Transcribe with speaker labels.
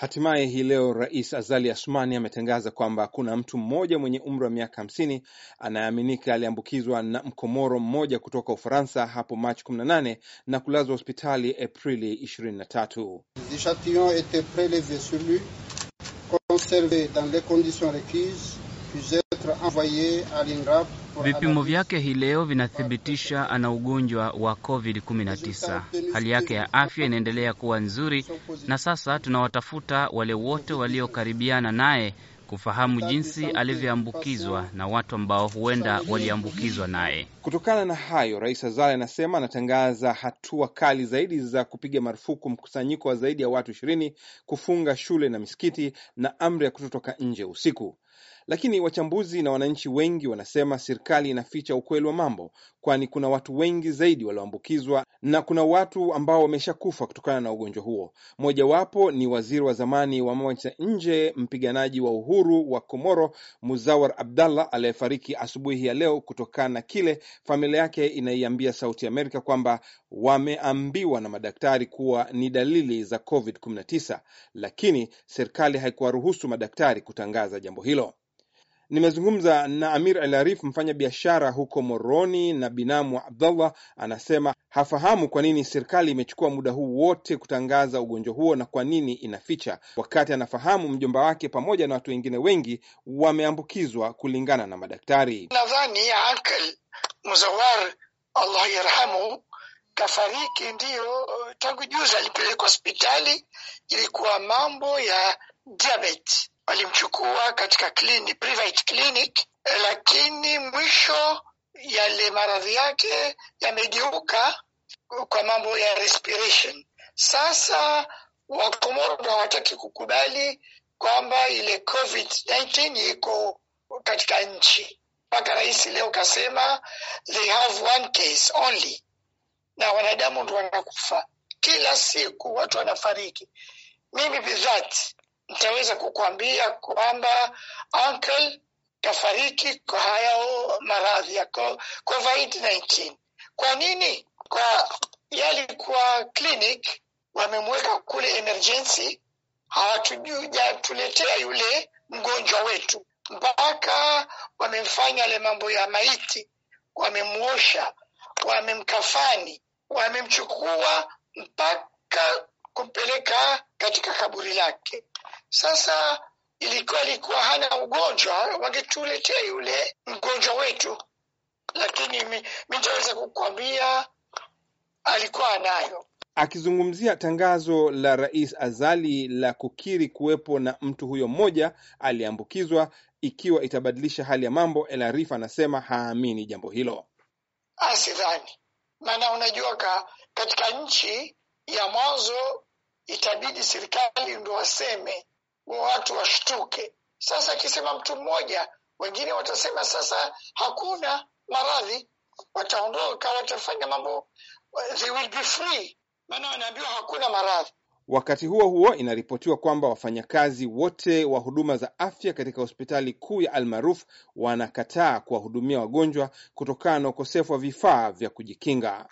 Speaker 1: Hatimaye hii leo Rais Azali Asmani ametangaza kwamba kuna mtu mmoja mwenye umri wa miaka hamsini anayeaminika aliambukizwa na mkomoro mmoja kutoka Ufaransa hapo Machi 18 na kulazwa hospitali Aprili 23. Vipimo vyake hii leo vinathibitisha ana ugonjwa wa COVID-19. Hali yake ya afya inaendelea kuwa nzuri, na sasa tunawatafuta wale wote waliokaribiana naye kufahamu jinsi alivyoambukizwa na watu ambao huenda waliambukizwa naye. Kutokana na hayo, Rais Azali anasema anatangaza hatua kali zaidi za kupiga marufuku mkusanyiko wa zaidi ya watu ishirini, kufunga shule na misikiti, na amri ya kutotoka nje usiku. Lakini wachambuzi na wananchi wengi wanasema serikali inaficha ukweli wa mambo, kwani kuna watu wengi zaidi walioambukizwa na kuna watu ambao wameshakufa kutokana na ugonjwa huo. Mojawapo ni waziri wa zamani wa mambo ya nje, mpiganaji wa uhuru wa Komoro, Muzawar Abdallah, aliyefariki asubuhi ya leo kutokana na kile familia yake inaiambia Sauti Amerika kwamba wameambiwa na madaktari kuwa ni dalili za COVID-19, lakini serikali haikuwaruhusu madaktari kutangaza jambo hilo. Nimezungumza na Amir Al Arif, mfanya biashara huko Moroni, na binamu Abdallah anasema hafahamu kwa nini serikali imechukua muda huu wote kutangaza ugonjwa huo na kwa nini inaficha, wakati anafahamu mjomba wake pamoja na watu wengine wengi wameambukizwa kulingana na madaktari.
Speaker 2: Nadhani Muzawar Allah yarhamu kafariki, ndiyo tangu juzi alipelekwa hospitali, ilikuwa mambo ya diabetes walimchukua katika clinic, private clinic, lakini mwisho yale maradhi yake yamegeuka kwa mambo ya respiration. Sasa Wakomoro hawataki kukubali kwamba ile COVID-19 iko katika nchi. Mpaka rais leo kasema they have one case only, na wanadamu ndo wanakufa kila siku, watu wanafariki. Mimi bidhati nitaweza kukwambia kwamba uncle kafariki kwa hayo maradhi ya COVID-19. Kwa nini? Kwa yalikuwa clinic wamemweka kule emergency, hawatujatuletea yule mgonjwa wetu, mpaka wamemfanya yale mambo ya maiti, wamemwosha, wamemkafani, wamemchukua mpaka kumpeleka katika kaburi lake. Sasa ilikuwa alikuwa hana ugonjwa, wangetuletea yule mgonjwa wetu, lakini mitaweza kukwambia alikuwa anayo.
Speaker 1: Akizungumzia tangazo la Rais Azali la kukiri kuwepo na mtu huyo mmoja aliyeambukizwa ikiwa itabadilisha hali ya mambo, El Arif anasema haamini jambo hilo.
Speaker 2: Asidhani, maana unajua ka, katika nchi ya mwanzo itabidi serikali ndo waseme wa watu washtuke. Sasa akisema mtu mmoja, wengine watasema sasa hakuna maradhi, wataondoka, watafanya mambo, they will be free, maana wanaambiwa hakuna maradhi.
Speaker 1: Wakati huo huo, inaripotiwa kwamba wafanyakazi wote wa huduma za afya katika hospitali kuu ya Almaruf wanakataa kuwahudumia wagonjwa kutokana na ukosefu wa vifaa vya kujikinga.